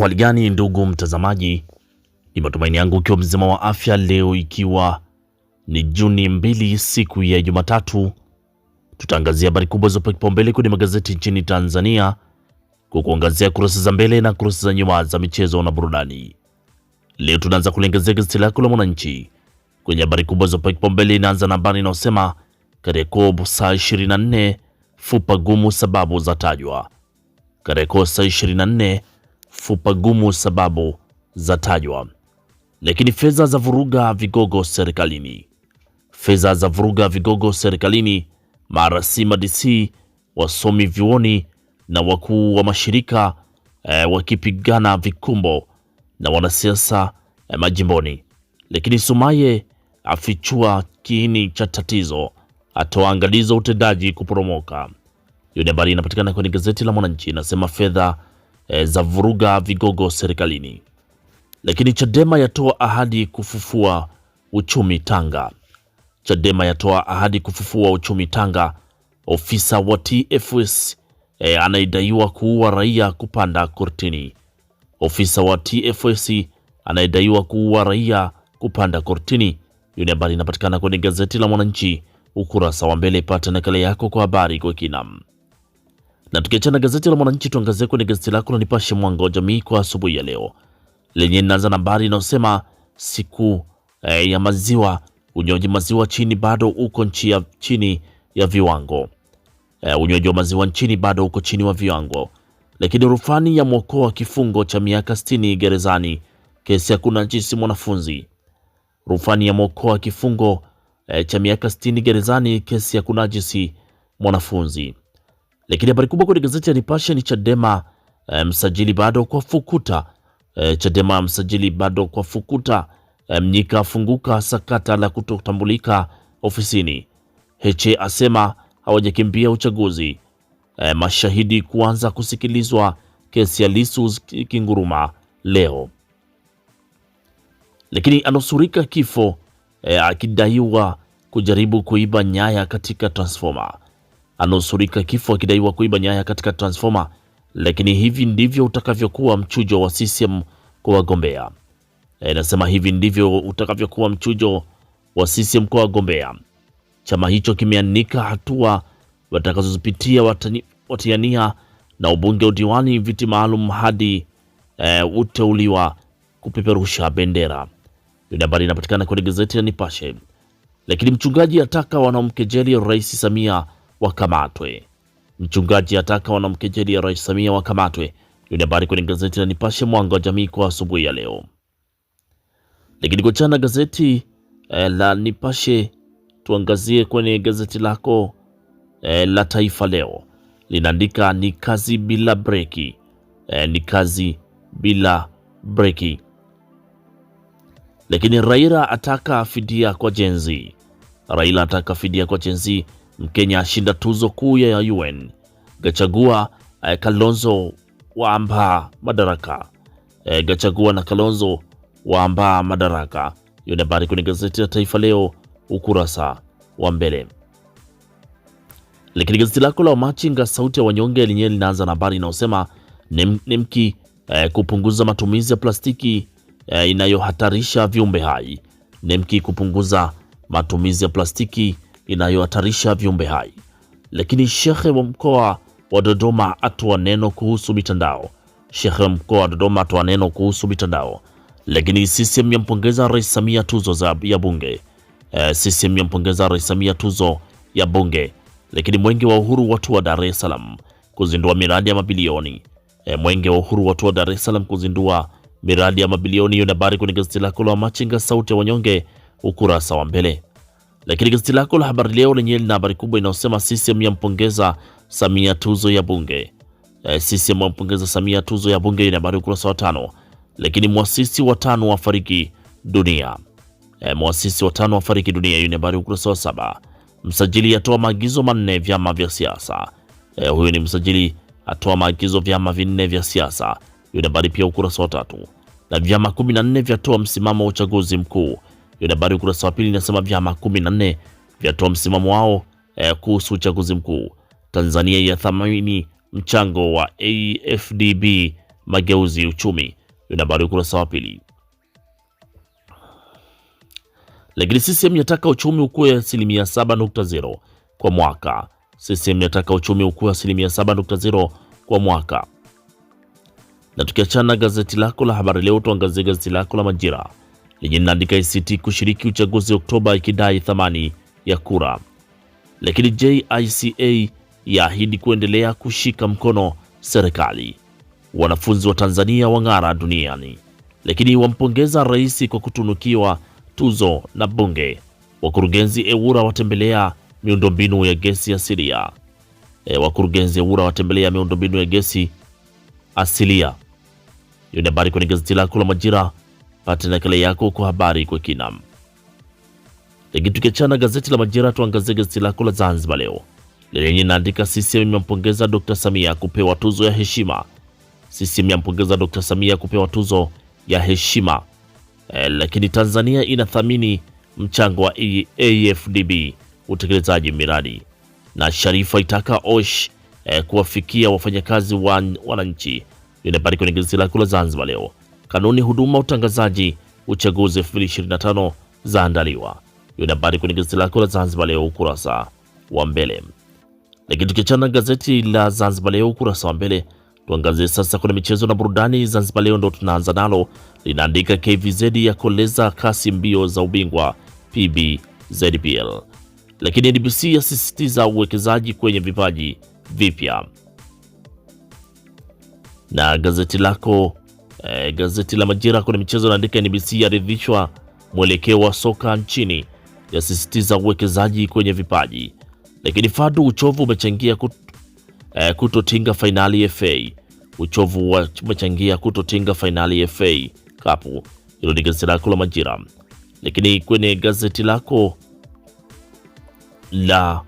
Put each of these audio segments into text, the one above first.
Hali gani ndugu mtazamaji, ni matumaini yangu ukiwa mzima wa afya leo, ikiwa ni Juni mbili, siku ya Jumatatu. Tutaangazia habari kubwa zopewa kipaumbele kwenye magazeti nchini Tanzania kwa kuangazia kurasa za mbele na kurasa za nyuma za michezo na burudani. Leo tunaanza kuliangazia gazeti lako la Mwananchi kwenye habari kubwa zopewa kipaumbele, inaanza na habari inayosema Kariakoo saa 24 fupa gumu, sababu za tajwa Karekosa 24 fupa gumu, sababu za tajwa. Lakini fedha za vuruga vigogo serikalini, fedha za vuruga vigogo serikalini, marasima DC, wasomi vyuoni na wakuu wa mashirika e, wakipigana vikumbo na wanasiasa e, majimboni. Lakini Sumaye afichua kiini cha tatizo, atoa angalizo utendaji kuporomoka. Hiyo ni habari inapatikana kwenye gazeti la Mwananchi, inasema fedha e, za vuruga vigogo serikalini. Lakini Chadema yatoa ahadi kufufua uchumi Tanga. Chadema yatoa ahadi kufufua uchumi Tanga. Ofisa wa TFS e, eh, anayedaiwa kuua raia kupanda kortini. Ofisa wa TFS anayedaiwa kuua raia kupanda kortini. Hiyo ni habari inapatikana kwenye gazeti la Mwananchi ukurasa wa mbele. Pata nakala yako kwa habari kwa kinam na tukiachana na gazeti la Mwananchi, tuangazie kwenye gazeti lako la Nipashe Mwanga wa Jamii kwa asubuhi ya leo, lenye inaanza na habari inayosema siku eh, ya maziwa, unywaji maziwa chini bado uko nchi ya chini ya viwango eh, unywaji wa maziwa nchini bado uko chini wa viwango. Lakini rufani ya mwokoa kifungo cha miaka 60 gerezani, kesi ya kunajisi mwanafunzi. Rufani ya mwokoa kifungo eh, cha miaka 60 gerezani, kesi ya kunajisi mwanafunzi lakini habari kubwa kwenye gazeti ya Nipashe ni Chadema e, msajili bado kwa fukuta e, Chadema msajili bado kwa fukuta e, Mnyika afunguka sakata la kutotambulika ofisini. Heche asema hawajakimbia uchaguzi. E, mashahidi kuanza kusikilizwa kesi ya Lisu kinguruma leo. Lakini anusurika kifo e, akidaiwa kujaribu kuiba nyaya katika transfoma anusurika kifo akidaiwa kuiba nyaya katika transfoma. Lakini hivi ndivyo utakavyokuwa mchujo wa CCM kwa wagombea. nasema hivi ndivyo utakavyokuwa mchujo wa CCM kwa wagombea. Chama hicho kimeanika hatua watakazozipitia watiania na ubunge, udiwani, viti maalum hadi e, uteuliwa kupeperusha bendera. Hiyo habari inapatikana kwenye gazeti ya Nipashe. Lakini mchungaji ataka wanaomkejeli Rais Samia wakamatwe. Mchungaji ataka wanamke jeli ya Rais Samia wakamatwe. Hiyo ni habari kwenye gazeti la Nipashe Mwanga wa Jamii kwa asubuhi ya leo. Lakini kuchana gazeti eh, la Nipashe, tuangazie kwenye gazeti lako eh, la Taifa Leo linaandika ni kazi bila breki eh, ni kazi bila breki. Lakini Raila ataka fidia kwa jenzi, Raila ataka fidia kwa jenzi Mkenya ashinda tuzo kuu ya UN. Gachagua eh, Kalonzo waamba madaraka. Eh, Gachagua na Kalonzo waamba madaraka. Hiyo ni habari kwenye gazeti la Taifa Leo ukurasa wa mbele. Lakini gazeti lako la Wamachinga sauti ya wanyonge lenyewe linaanza na habari inayosema Nimki eh, kupunguza matumizi ya plastiki eh, inayohatarisha viumbe hai. Nimki kupunguza matumizi ya plastiki inayohatarisha viumbe hai. Lakini shekhe wa mkoa wa Dodoma atoa neno kuhusu mitandao. Shekhe wa mkoa wa Dodoma atoa neno kuhusu mitandao. Lakini CCM yampongeza Rais Samia tuzo za ya bunge. E, eh, CCM yampongeza Rais Samia tuzo ya bunge. Lakini mwenge wa uhuru watu wa Dar es Salaam kuzindua miradi ya mabilioni. E, mwenge wa uhuru watu wa Dar es Salaam kuzindua miradi ya mabilioni. Hiyo ni habari kwenye gazeti lako la Machinga, sauti ya wanyonge, ukurasa wa mbele. Lakini gazeti lako la Habari Leo lenye lina habari kubwa inayosema CCM yampongeza Samia tuzo ya bunge. CCM eh, yampongeza Samia tuzo ya bunge, ina habari ukurasa wa tano. Lakini mwasisi wa watano wafariki dunia, E, mwasisi wa watano wafariki dunia, ina habari ukurasa wa saba. Msajili atoa maagizo manne vyama vya siasa. E, eh, huyu ni msajili atoa maagizo vyama vinne vya siasa. Hiyo ni habari pia ukurasa wa tatu. Na vyama 14 vyatoa msimamo wa uchaguzi mkuu. Hiyo habari ukurasa wa pili inasema vyama 14 na vyatoa msimamo wao eh, kuhusu uchaguzi mkuu. Tanzania yathamini mchango wa AFDB mageuzi uchumi. Hiyo habari ukurasa wa pili. Lakini CCM yataka uchumi ukue asilimia 7.0 kwa mwaka. CCM yataka uchumi ukue asilimia 7.0 kwa mwaka. Na tukiachana gazeti lako la habari leo, tuangazie gazeti lako la Majira lenye linaandika ACT kushiriki uchaguzi Oktoba ikidai thamani ya kura. Lakini JICA yaahidi kuendelea kushika mkono serikali. Wanafunzi wa Tanzania wang'ara duniani. Lakini wampongeza rais kwa kutunukiwa tuzo na bunge. Wakurugenzi EWURA watembelea miundombinu ya gesi asilia. E, wakurugenzi EWURA watembelea miundombinu ya gesi asilia. Hiyo ni habari kwenye gazeti lako la Majira Pata nakala yako kwa habari kwa kina. Lakini tukiachana gazeti la Majira, tuangazie gazeti lako la Zanzibar Leo lenye inaandika CCM imempongeza Dr. Samia kupewa tuzo ya heshima. CCM yampongeza Dr. Samia kupewa tuzo ya heshima. E, lakini Tanzania inathamini mchango wa AFDB utekelezaji miradi na Sharifa itaka Osh e, kuwafikia wafanyakazi wa wananchi. Inabari kwenye gazeti lako la Zanzibar Leo kanuni huduma utangazaji uchaguzi 2025 zaandaliwa. Hiyo ni habari kwenye gazeti lako la Zanzibar Leo ukurasa wa mbele. Lakini tukiachana gazeti la Zanzibar Leo ukurasa wa mbele, tuangazie sasa kwenye michezo na burudani. Zanzibar Leo ndo tunaanza nalo, linaandika KVZ ya koleza kasi mbio za ubingwa PBZPL, lakini NBC yasisitiza uwekezaji kwenye vipaji vipya na gazeti lako eh, gazeti la Majira kwenye michezo naandika NBC yaridhishwa mwelekeo wa soka nchini, yasisitiza uwekezaji kwenye vipaji. Lakini Fadu, uchovu umechangia kut, eh, kutotinga fainali FA. Uchovu umechangia kutotinga fainali FA Cup. Hilo ni gazeti lako la Majira. Lakini kwenye gazeti lako la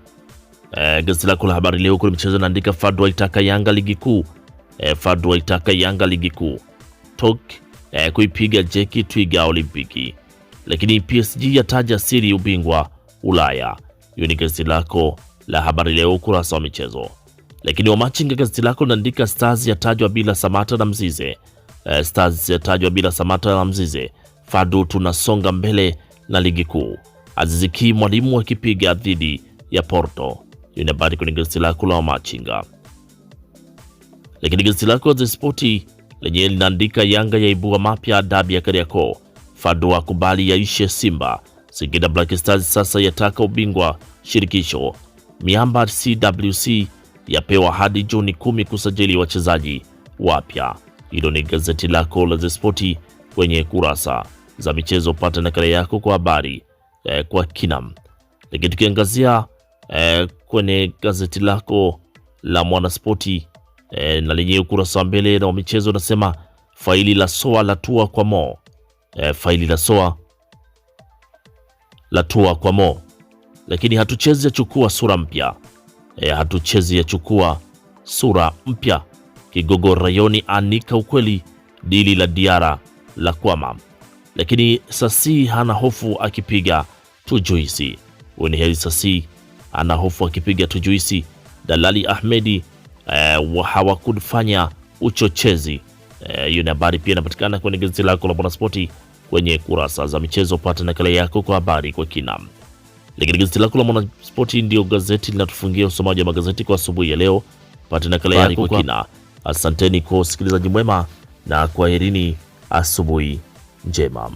eh, gazeti lako la Habari Leo kwenye michezo naandika Fadu aitaka Yanga ligi kuu e, Fadu aitaka Yanga ligi kuu Stock eh, kuipiga jeki Twiga Olimpiki. Lakini PSG yataja siri ubingwa Ulaya. Hiyo ni gazeti lako la habari leo ukurasa wa michezo. Lakini Wamachinga gazeti lako linaandika Stars yatajwa bila Samata na Mzize. Eh, Stars yatajwa bila Samata na Mzize. Fadu tunasonga mbele na ligi kuu. Aziziki mwalimu akipiga dhidi ya Porto. Hiyo ni habari kwenye gazeti lako la Wamachinga. Lakini gazeti lako The Sport lenye linaandika Yanga yaibua mapya dabi ya Kariakoo, fadua kubali yaishe Simba, Singida Black Stars sasa yataka ubingwa shirikisho, miamba CWC yapewa hadi Juni kumi kusajili wachezaji wapya. Hilo ni gazeti lako la Spoti kwenye kurasa za michezo. Pata nakala yako kwa habari eh, kwa kinam. Lakini tukiangazia eh, kwenye gazeti lako la Mwanaspoti e, na lenye ukurasa wa mbele na wa michezo unasema faili la SOA tua kwa Mo. E, faili la SOA tua kwa Mo, lakini hatuchezi yachukua sura mpya e, hatuchezi yachukua sura mpya. Kigogo Rayoni anika ukweli dili la Diara la kwama, lakini Sasi hana hofu akipiga tujuisi. Huyu ni Heri Sasi ana hofu akipiga tujuisi. Dalali Ahmedi eh, hawakufanya uchochezi eh, hiyo ni habari pia inapatikana kwenye gazeti lako la Mwanaspoti kwenye kurasa za michezo. Pata nakala yako kwa habari kwa kina. Lakini gazeti lako la Mwanaspoti ndio gazeti linatufungia usomaji wa magazeti kwa asubuhi ya leo. Pata nakala yako kwa kina. Asanteni kwa usikilizaji mwema na kwaherini, asubuhi njema.